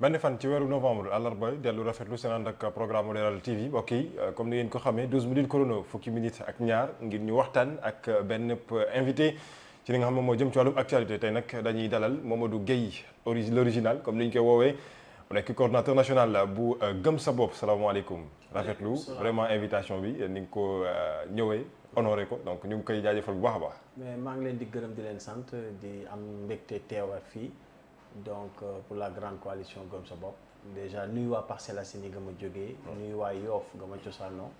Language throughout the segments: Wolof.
benn fan ci weeru novembre àllarba dellu rafetlu seen ànd ak programme Leral TV mbokk yi euh, comme ni ngeen ko xamee 12 minutes chrono fukki minutes ak ñaar ngir ñu waxtaan ak benn euh, invité ci li nga xam ne moo jëm ci wàllum actualité tey nag dañuy dalal Mamadou Guèye origi l'original comme ni ñu koy woowee mu nekk coordonnateur national bu euh, gëm sa bopp salaamaaleykum. lu vraiment invitation bi ni nga ko ñëwee. honoré ko donc ñu ngi koy jaajëfal bu baax a baax. mais maa ngi leen di gërëm di leen sant di am mbégte teewaat fii. donc euh, pour la grande coalition Gëm sa bopp déjà nuyu waa Parcelles Assainies nga ma jógee nuyu waa Yoff nga ma cosaanoo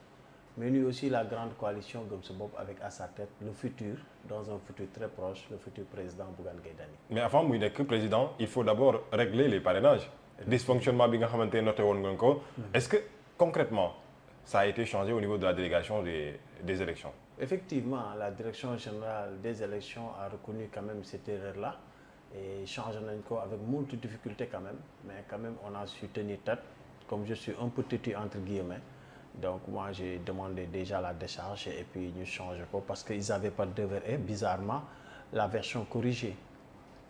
mais nuyu aussi la grande coalition Gëm sa bopp avec à sa tête le futur dans un futur très proche le futur président Bougane Gueye Dany mais avant muy nekk président il faut d'abord régler les parrainages dysfonctionnement bi nga xamante ne noté woon nga ko mm-hmm. est-ce que concrètement ça a été changé au niveau de la délégation des, des élections Effectivement, la direction générale des élections a reconnu quand et changé nañ ko avec moult difficulté quand même mais quand même on a su tenir tête comme je suis un peu têtu entre guillemets donc moi j'ai demandé déjà la décharge et puis ñu changé ko parce que ils avaient pas devers et bizarrement la version corrigée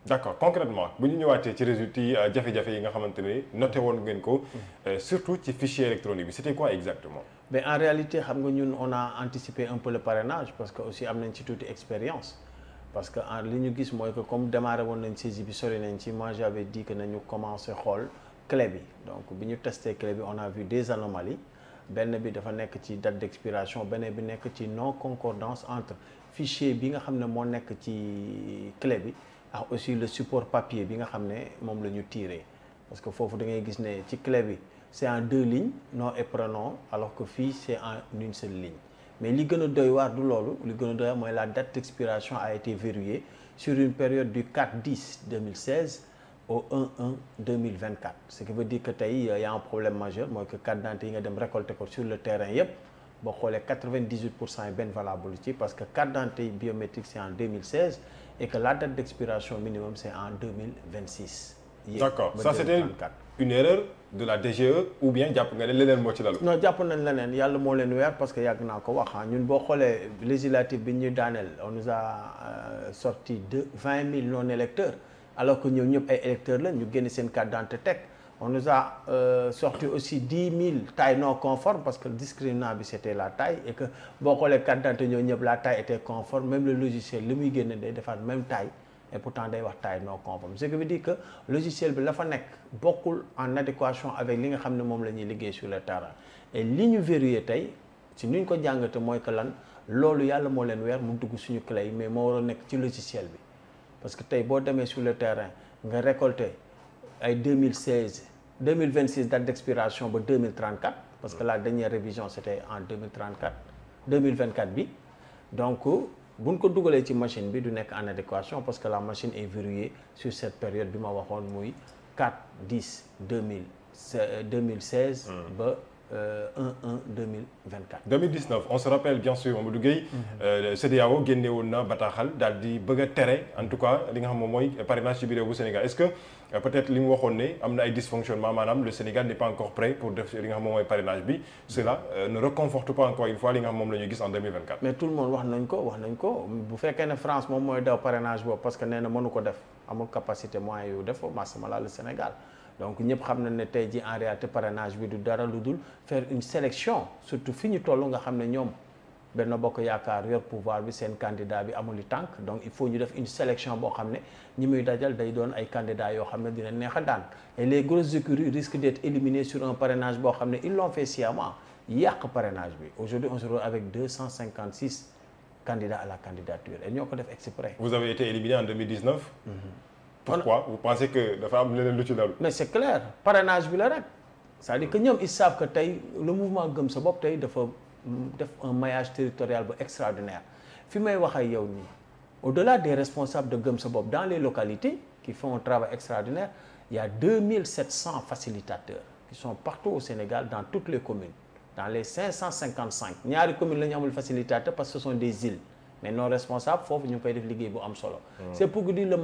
d'accord concrètement bu ñu ñëwaatee ci résultat yi euh, jafe-jafe yi nga xamante ne noté woon ngeen ko mm-hmm. euh, surtout ci fichier électronique bi c'était quoi exactement mais en réalité xam nga ñun on a anticipé un peu le parrainage parce que aussi am nañ ci tuuti expérience parce que en ah, li ñu gis mooy que comme démarré woon nañ saisie bi sori nañ ci moi j'avais dit que nañu commencé xool clé bi donc bi ñu testé clé bi on a vu des anomalies benn bi dafa nekk ci date d'expiration beneen bi nekk ci non concordance entre fichier bi nga xam ne moo nekk ci clé bi ak aussi le support papier bi nga xam ne moom la ñu tiré parce que foofu da ngay gis ne ci clé bi c'est en deux lignes non et prénom alors que fi c'est en une seule ligne mais li gën a doy waar du loolu li gën doy mooy la date d'expiration a été verrouillée sur une période du 4 10 2016 au 1 1 2024 ce qui veut dire que tey euh, y un problème majeur mooy que carte d'identité yi nga dem récolte ko sur le terrain yëpp boo xoolee 98 pour cent yi benn valable ci parce que carte d'identité biométrique c'est en 2016 et que la date d'expiration minimum c'est en 2026. D'accord ça c'était une erreur. de la DGE ou bien jàpp nga ne leneen moo ci lalu. non jàpp nañ leneen yàlla moo leen weer parce que yàgg naa ko wax ah. ñun boo xoolee législative bi ñuy daaneel on nous a euh, sorti de vingt mille non électeurs alors que ñëw ñëp ay électeurs la ñu génne seen carte d'identité teg on nous a euh, sorti aussi dix mille tailles non conformes parce que le discriminant bi c'était la taille et que boo xoolee carte d'identité ñoo ñëpp la taille était conforme même le logiciel li muy génne day defaat même taille. et pourtant day wax taay non conforme ce qui veut dire que logiciel bi la fa nekk bokkul en adéquation avec li nga xam ne moom la ñuy liggéey sur le terrain et li ñu verrouillé tey si nuñ ko jàngate mooy que lan loolu yàlla moo leen weer mu dugg suñu clé mais moo war a nekk ci logiciel bi parce que tey boo demee sur le terrain nga récolter ay 2016 2026 date d'expiration ba 2034 parce que la dernière révision c'était en 2034 2024 bi donc bu buñ ko dugalee ci machine bi du nekk en adéquation parce que la machine est verrouillée sur cette période bi ma waxoon muy 4 10 2000 2016 ba 1-1 2024. 2019 on se rappelle bien sûr mhm. euh, woon na bataaxal daal di bëgg a tere en tout cas li nga xam moom mooy parrainage ci biir réewu Sénégal est euh, ne am na ay dysfonctionnements maanaam le Sénégal n'est pas encore prêt pour euh, la ñu gis en 2024. mais tout le monde wax nañ ko wax nañ ko bu fekkee ne France boobu parce que nee mënu ko def amul capacité moyen yu def ko macha allah le Sénégal. donc ñëpp xam na ne tey ji en réalité parrainage bi du dara lu dul faire une sélection surtout fi ñu toll nga xam ne ñoom benn bokk yaakaar yor pouvoir bi seen candidat bi amul tànk donc il faut ñu def une sélection boo xam ne ñi muy dajal day doon ay candidats yoo xam ne dina neex a daan et les grosses écuries risquent d'être éliminées sur un parrainage boo xam ne ils l'ont fait sciemment yàq parrainage bi aujourd'hui on se retrouve avec 256 candidats à la candidature ñoo ko def exprès. vous avez été pourquoi vous pensez que dafa am leneen lu ci dalu mais c'est clair parrainage bi la rek sa à dire que ñoom ils savent tey le mouvement gëm sa bopp tey dafa def un maillage territorial bu extraordinaire fi may wax ak yow nii au-delà des responsables de gëm sa bopp dans les localités qui font un travail extraordinaire il y a 2700 facilitateurs qui sont partout au Sénégal dans toutes les communes dans les 555 ñaari communes la ñu amul facilitateur que ce des îles mais non responsables foofu ñu koy def liggéey bu am solo hmm. c'est pour dire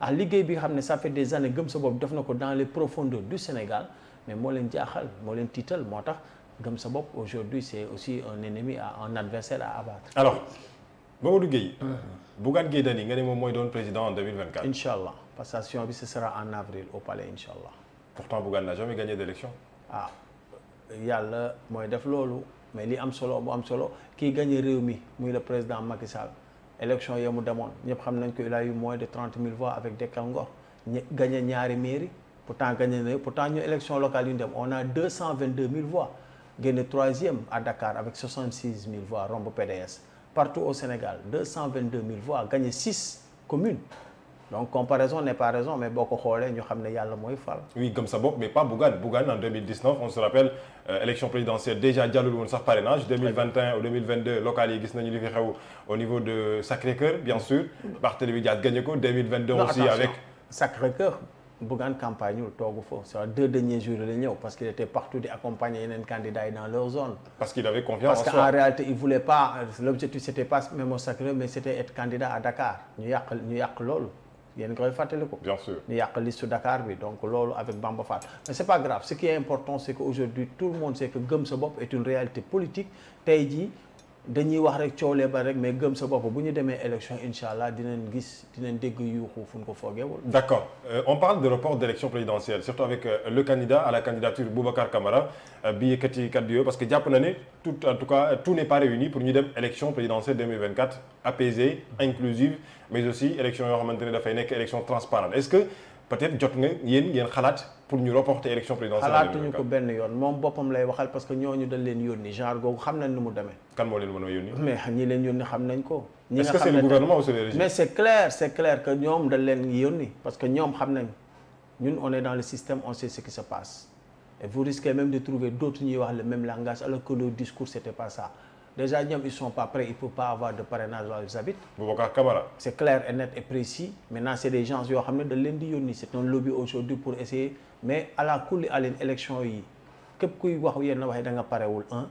ah liggéey bi nga xam ne ça fait des années gëm sa bopp def na ko dans les profondeurs du Sénégal mais moo leen jaaxal moo leen tiital moo tax gëm sa bopp aujourd'hui c'est aussi un ennemi à un adversaire à abattre. alors Mamadou Gueye. Bougane Gueye Dany nga ne moom mooy doon président en 2024. incha allah passation bi ce sera en avril au palais incha allah. pourtant Bougane n'a jamais gagné d'élection. ah yàlla mooy def loolu mais li am solo bu am solo kii gagné réew mi muy le président Macky Sall. élection ya mu demoon ñëpp xam nañ ko il moins de trente mille voix avec Dekkal Ngor ñu gagné ñaari mairie pourtant gagné na pourtant ñu élection locale yu ñu dem on a deux cent vingt deux mille voix génne troisième à Dakar avec soixante six mille voix romb PDS partout au Sénégal deux cent vingt deux mille voix gagné six communes. donc comparaison n'est pas raison mais boo ko xoolee ñu xam ne yàlla mooy fal. oui gëm sa bopp mais pas en on se rappelle euh, élection présidentielle déjà jàllul woon sax parrainage 2021 ou 2022 locales yi nañu li fi xew au niveau de Sacré-Cœur bien sûr. Barthélémy Dias gagné ko aussi avec Sacré-Cœur Bougane campagne wul toogu foofu deux derniers jours la ñëw parce qu'il était partout di accompagner yeneen candidats yi dans leur zone. parce qu'il avait confiance à Dakar ñu yàq loolu. yéen koy fàttaliku. bien sûr ñu yàq liste Dakar bi donc loolu avec Bamba Fall mais c'est pas grave ce qui est important c'est que aujourd'hui tout le monde sait que gëm sa bopp est une réalité politique tey jii. dañuy wax rek coow lee ba rek mais gëm sa bopp bu ñu demee élection incha allah dinañ gis dinañ dégg yuuxu fu ñu ko foogeewul. d' accord euh, on parle de report d' présidentielle surtout avec euh, le candidat à la candidature Boubacar Camara euh, bi yëkkati kàddu yooyu parce que jàpp na ne tout en n' est pas réuni pour ñu dem élection présidentielle 2024 apaisée inclusive mais aussi élection yoo xamante ne dafay nekk élection transparente est peut-être jot nga yéen ngeen xalaat pour ñu reporter élection présidentielle xalaatuñu ko benn yoon moom boppam lay waxal parce que ñooñu dañ leen yónni genre googu xam nañ a yónni mais ñi leen yónni ko mais c'est clair c'est clair que ñoom dañ leen yónni parce que ñoom xam nañ ñun on est dans le système on sait ce qui se passe et vous risquez même de trouver d'autres ñuy wax le même langage alors que le discours c'était pas ça déjà ñoom ils sont pas prêts ils peuvent pas avoir de parrainage là où ils habitent. Boubacar Camara. c'est clair et net et précis maintenant c'est des gens yoo xam ne dañ leen di yónni c'est un lobby aujourd'hui pour essayer mais à la kulli àlin élection yi képp kuy wax yenn waxee da nga parewul un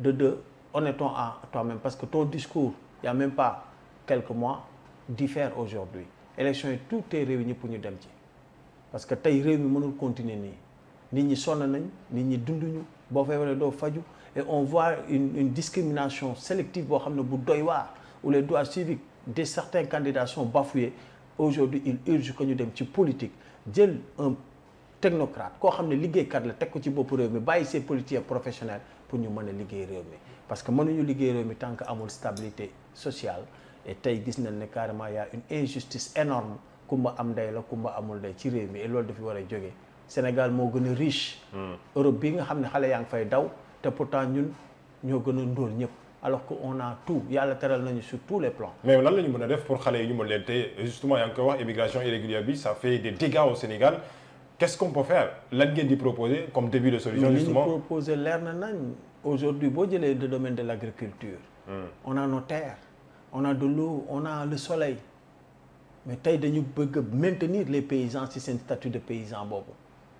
de deux honnêtons en toi-même parce que ton discours il y a même pas quelques mois diffère aujourd'hui élection yi tout est réuni pour ñu dem ci parce que tey réew mi mënul continuer nii nit ñi sonn nañ nit ñi dunduñu boo feebaree doo et on voit une, une discrimination sélective boo xam ne bu doy waa où les droits civiques de certains candidats sont bafoués aujourd'hui il urge que ñu dem ci politique jël un technocrate koo xam ne liggéeykat la teg ko ci boppu réew mi bàyyi ses politiciens professionnels pour ñu mën a liggéey réew mi parce que mënuñu liggéey réew mi tant que amul stabilité sociale tey gis nañ ne carrément y a une injustice énorme kumba am ndey la kumba amul ndey ci réew mi loolu dafi war jógee Sénégal moo gën a riche hmm. Europe bi nga xam ne xale yaa ngi fay daw te pourtant ñun ñoo gën a ndóol ñëpp alors que on a tout yàlla teral nañu sur tous les plans. mais lan la ñu mën a def pour xale yi ñu mën leen téye justement yaa ngi koy wax immigration irrégulière bi ça fait des dégâts au Sénégal qu'est-ce qu'on peut faire lan ngeen di proposer comme début de solution. justement li ñu leer na nañ aujourd'hui boo jëlee le domaine de l'agriculture. Hmm. on a nos terres on a de l'eau on a le soleil mais tey dañu bëgg maintenir les paysans ci seen statut de paysan boobu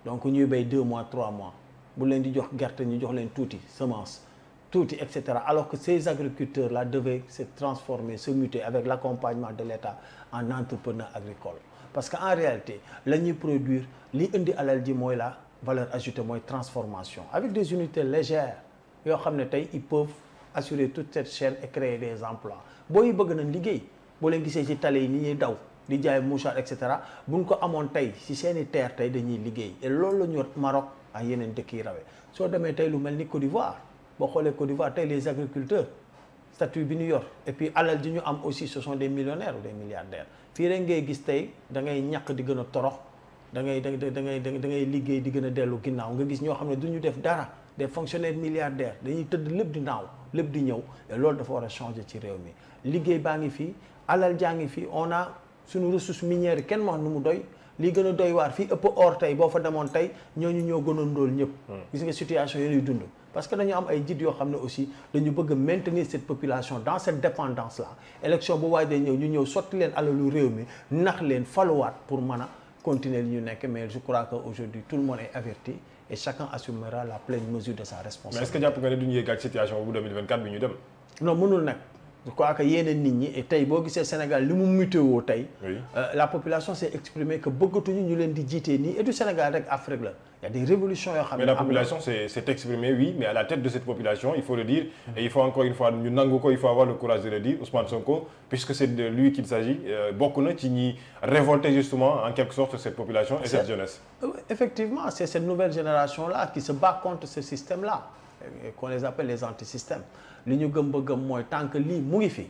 donc ñuy béy deux mois trois mois. bu leen di jox gerte ñu jox leen tuuti semence tuuti et cetera alors que ces agriculteurs là devaient se transformer se muter avec l'accompagnement de l'État en entrepreneur agricole parce que en réalité la ñuy produire li indi alal ji mooy la valeur ajoutée mooy transformation avec des unités légères yoo xam ne tey ils peuvent assurer toute cette chaîne et créer des emplois booy bëgg nañ liggéey boo leen gisee ci tali yi ni ñuy daw di jaay mouchard et cetera buñ ko amoon tey ci seeni terre tey dañuy liggéey loolu la ñu Maroc ak yeneen dëkk yi rawee soo demee tey lu mel ni Côte d'Ivoire boo xoolee Côte d'Ivoire tey les agriculteurs statut bi ñu yor et puis alal ji ñu am aussi ce sont des millionnaires ou des milliardaires fii rek ngay gis tey da ngay ñàkk di gën a torox da ngay da ngay da ngay liggéey di gën a dellu ginnaaw nga gis ñoo xam ne du ñu def dara des fonctionnaires milliardaires dañuy tëdd lépp di naaw lépp di ñëw loolu dafa war a changer ci réew mi liggéey baa ngi fii alal jaa ngi fii on a suñu ressource minière kenn wax nu mu doy lii gën a doy waar fii ëpp or tey boo fa demoon tey ñooñu ñoo gënoon ndóol ñëpp hmm. gis nga situation yi ñuy dund parce que dañu am ay jiit yoo xam ne aussi dañu bëgg a maintenir cette population dans cette dépendance là élection bu waaj day ñëw ñu ñëw sotti leen alalu réew mi nax leen faluwaat pour mën a continuer li ñu nekk mais je crois tout le monde est et chacun assumera la pleine mesure de sa responsabilité. mais est jàpp nga ne duñu yeggaat situation bu 2024 bi ñu dem. non je crois que yeneen nit ñi tey boo gisee Sénégal li mu mutéwoo tey euh, la population s'est exprimée que bëggatuñu ñu leen di jiitee nii et du Sénégal rek Afrique la il y a des yoo xam ne mais la population s'est exprimée mais à la tête de cette population il faut le dire et il faut encore une fois ñu nangu ko il faut avoir le courage de le dire Ousmane Sonko puisque c'est de lui qu'il s'agit euh, bokk na ci ñi révolter justement en quelque sorte cette population et cette jeunesse euh, effectivement c'est Euh, qu'on les appelle les antisystèmes li ñu gëm ba gëm mooy tant que lii mu ngi fi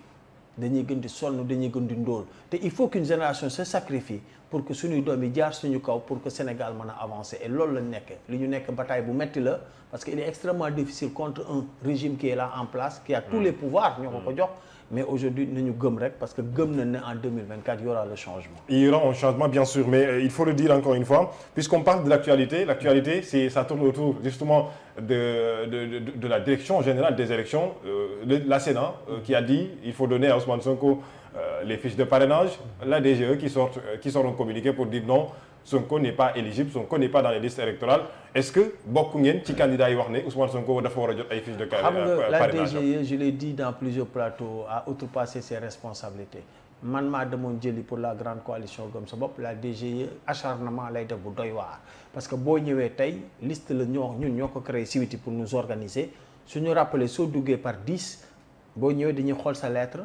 dañuy gën di sonn dañuy gën di ndóol te il faut qu'une génération se sacrifie pour que suñuy doom yi jaar suñu kaw pour que Sénégal mën a avancer et loolu lañ nekkee li ñu nekk bataille bu metti la parce que il est extrêmement difficile contre un régime qui est en place qui a tous mm. les pouvoirs ñoo ko ko mm. jox mais aujourd'hui nañu gëm rek parce que gëm nañ ne en 2024 il y aura le changement. il y aura un changement bien sûr mais euh, il faut le dire encore une fois puisqu'on parle de l'actualité l'actualité c'est ça tourne autour justement de de de, de la direction générale des élections euh, la Sénat euh, qui a dit il faut donner à Ousmane Sonko Euh, les fiches de parrainage, la DGE qui, sortent, euh, qui seront communiquées pour dire non, Sonko n'est pas éligible, Sonko n'est pas dans les listes électorales. Est-ce que beaucoup de candidats qui ont Ousmane Sonko a fait des fiches de parrainage La DGE, je l'ai dans plusieurs plateaux, a outrepassé ses responsabilités. man maa demoon jëli pour la grande coalition gëm sa bopp la DGE acharnement lay def bu doy waar parce que boo ñëwee tey liste la ñoo ñun ñoo ko créé siwiti pour nous organiser suñu rappeler soo duggee par 10 boo ñëwee dañuy xool sa lettre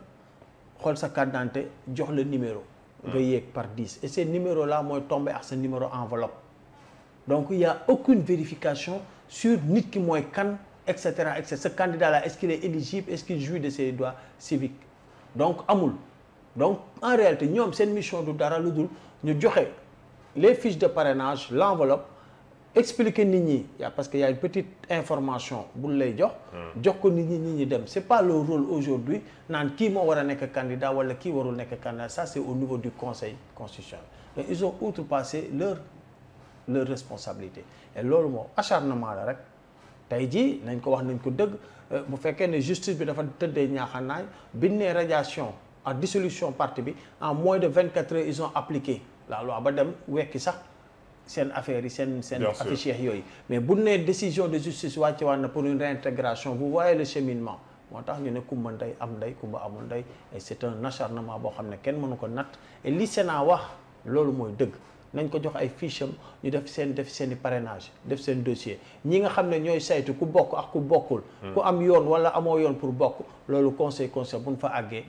xool sa carte jox la numéro. Hmm. nga yéeg par dix et ce numéro la mooy tombé ak sa numéro enveloppe. donc il y a aucune vérification sur nit ki mooy kan et cetera et cetera ce candidat là est ce qu'il est éligible est ce qu'il jouit de ses droits civiques donc amul. donc en réalité ñoom seen mission du dara lu dul ñu joxe les fiches de parrainage l'enveloppe expliquer nit ñi yaa parce que y a une petite information bu lay jox hmm. jox ko nit ñi nit ñi dem c'est pas le rôle aujourd'hui naan kii moo war a nekk candidat wala kii warul nekk candidat ça c'est au niveau du conseil constitutionnel mais ils ont outrepassé leur leur responsabilité loolu moom acharnement la rek tey jii nañ ko wax nañ ko dëgg euh, bu fekkee ne justice bi dafa tëddee ñaaxanaay biñ ne radiation en dissolution parti bi en moins de vingt quatre heures ils la loi ba dem wekki sax seen affaire yi seen seen affichage yooyu mais bu nee décision de justice wàcce waan na pour une réintégration vous voyez le cheminement moo tax ñu ne kumba ndey am ndey kumba amul ndey et c'est un acharnement boo xam ne kenn mënu ko natt et li Sénat wax loolu mooy dëgg nañ ko jox ay fiche ñu def seen def seen i parrainage def seen dossier ñi nga xam ne ñooy saytu ku bokk ak ku bokkul. Hmm. ku am yoon wala amoo yoon pour bokk loolu conseil conseil bu ñu fa àggee.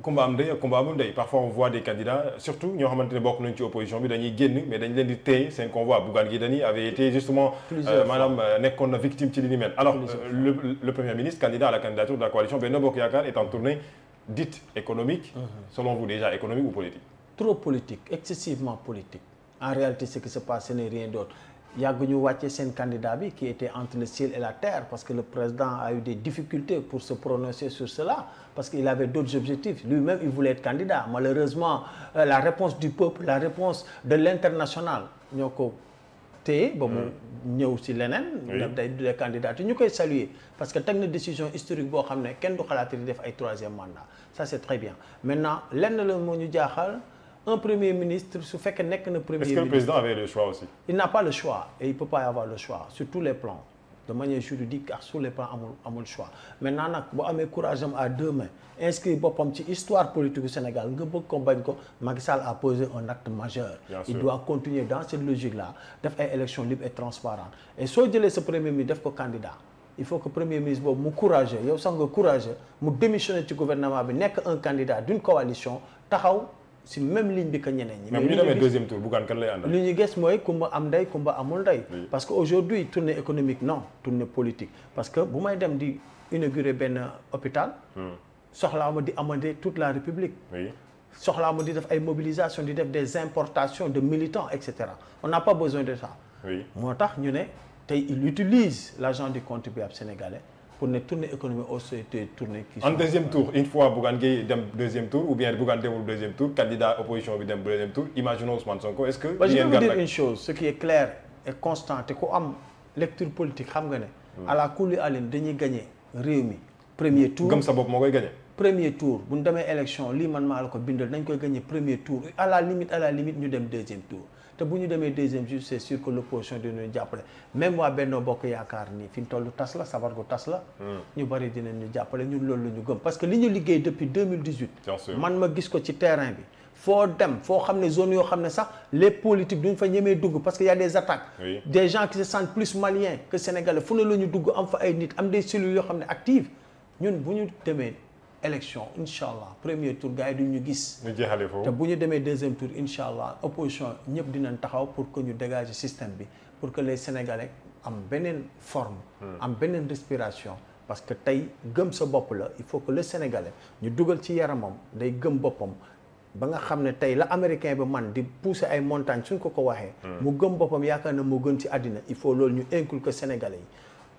combat m ndey ak combat amul parfois on voit des candidats surtout ñoo xamante ne bokk nañ ci opposition bi dañuy mais dañ leen di téye Bougane Gueye avait été justement euh, maanaam euh, nekkoon na victime ci li ni alors euh, le, premier ministre candidat à la candidature de la coalition Benno Bokk Yaakaar est en tournée dite économique mhm. selon vous déjà économique ou politique trop politique excessivement politique en réalité ce qui se passe ce rien d'autre yàgg ñu wàcce seen candidat bi qui était entre le ciel et la terre parce que le président a eu des difficultés pour se prononcer sur cela parce qu'il avait d'autres objectifs lui-même il voulait être candidat malheureusement euh, la réponse du peuple la réponse de l'international ñoo ko téye ba mu mm. ñëw si leneen def day des candidats ñu koy saluer parce que teg na décision historique boo xam ne kenn du xalaat di def ay troisième mandat ça c'est très bien un premier ministre su fekkee nekk na premier ministre est-ce que le président avait il n'a pas le choix il peut pas avoir le choix sur tous les plans de manière juridique ak sur les plans amul amul choix maintenant nag boo amee courage am à deux mains inscrit boppam ci histoire politique Sénégal nga bëgg ko bañ ko Macky Sall a posé un acte majeur. il doit continuer dans cette logique là def ay élections libres et transparentes et soo jëlee sa premier ministre def ko candidat. il faut que premier ministre boobu mu courageux yow sax nga mu démissionner ci gouvernement bi nekk un candidat d'une coalition taxaw. si même ligne bi que ñeneen ñi. mais bu ñu demee deuxième tour Bougane kan lay àndal. li ñu gis mooy kumba am ndey kumba amul ndey. parce que aujourd'hui tournée économique non tournée politique parce que bu may dem di inaugurer benn hôpital. Hmm. soxlaa ma di amender toute la république. soxlaa ma di def ay mobilisation di def des importations de militants et cetera on n'a pas besoin de ça. moo tax ñu ne tey il utilise l'argent du contribuable sénégalais. pour ne tournée économique aussi était tournée. qui en deuxième tour une fois Bougane Gueye dem deuxième tour ou bien Bougane demul deuxième tour candidat opposition bi dem deuxième tour imaginons Ousmane Sonko est-ce que. je am lecture politique xam nga ne. Hmm. à la coulée Aline dañuy gagné réew mi. premier hmm. tour gëm sa bopp moo koy gagné. premier tour bu ñu demee élection li man maa la ko bindal nañ koy gagné premier tour à la limite à la limite ñu dem deuxième tour. te bu ñu demee deuxième jour c'est sûr que l'opposition dinañu jàppale même waa Benno Bokk Yaakaar nii fi mu toll tas la sabar gu tas la hmm. ñu bari dinañu jàppale ñun loolu la ñu gëm parce que li ñu liggéey depuis 2018 man ma gis ko ci terrain bi foo dem foo xam ne zone yoo xam ne sax les politiques ñu fa ñemee dugg parce que y a des attaques oui. des gens qui se sentent plus maliens que sénégalais fu ne la ñu dugg am fa ay nit am des cellules yoo xam ne actives ñun bu ñu demee élection incha allah premier tour gars yi ñu gis. ñu jeexalee foofu te bu ñu demee deuxième tour incha allah opposition ñëpp dinañ taxaw pour que ñu dégager système bi pour que les sénégalais am beneen forme. Hmm. am beneen respiration. parce que tey gëm sa bopp la il faut que le sénégalais ñu dugal ci yaramam day gëm boppam ba nga xam ne tey la américain bi man di pousser ay montagnes suñ ko ko waxee. Hmm. mu gëm boppam yaakaar na moo gën ci àddina il faut loolu ñu inculquer sénégalais yi.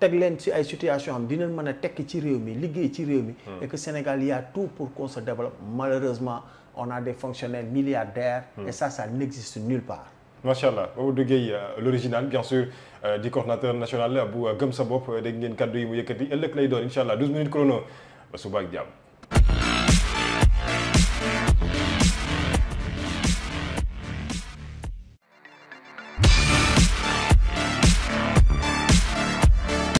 teg leen ci ay situation am leen mën a tekki ci réew mi liggéey ci réew mi hmm. et Sénégal y a tout pour qu'on se développe malheureusement on a des fonctionnaires milliardaires hmm. et ça ça n'existe nulle part macha allah Mamadou Gueye euh, l'original bien sûr euh, di coordonnateur national bu euh, gëm sa bopp dégg ngeen kaddu yi mu yëkkati ëllëg lay doon incha allah 12 minutes chrono ba suba ak